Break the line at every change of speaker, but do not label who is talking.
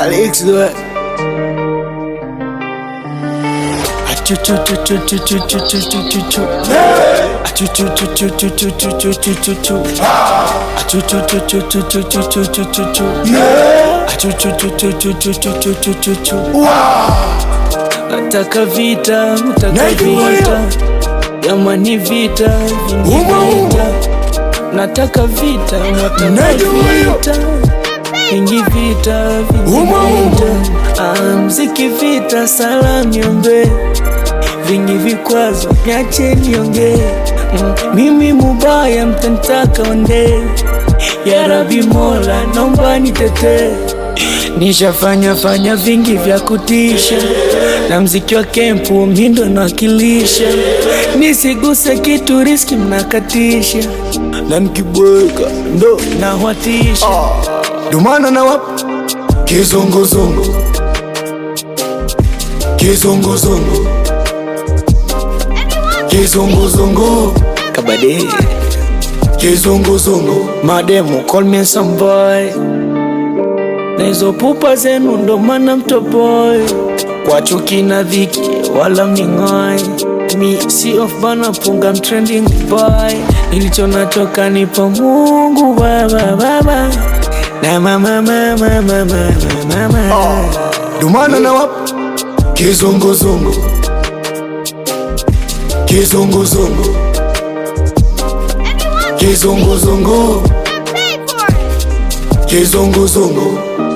Alex doit.
Nataka vita, nataka vita, yamani vita, vingi vita, nataka vita, nataka vita vita vinaenda, amziki ah, vita sala niombe, vingi vikwazo nyache nionge mimi mubaya mtentaka onde, yarabi Mola nomba nitetee Nishafanya fanya vingi vya kutisha, na mziki wa kempu mindo nawakilisha, nisiguse kitu riski mnakatisha,
na nikibweka ndo
nahwatisha ah.
dumana na wap
kizunguzungu kizunguzungu kizunguzungu kabade kizunguzungu
mademu call me some boy na hizo pupa zenu, ndo maana mtoboi kwa chuki na dhiki, wala mning'oi. Mi si of bana, punga mtrending boy, nilicho natoka nipo Mungu baba baba na mama mama mama mama mama
ah, Dumana na wap
kizunguzungu kizunguzungu kizunguzungu kizunguzungu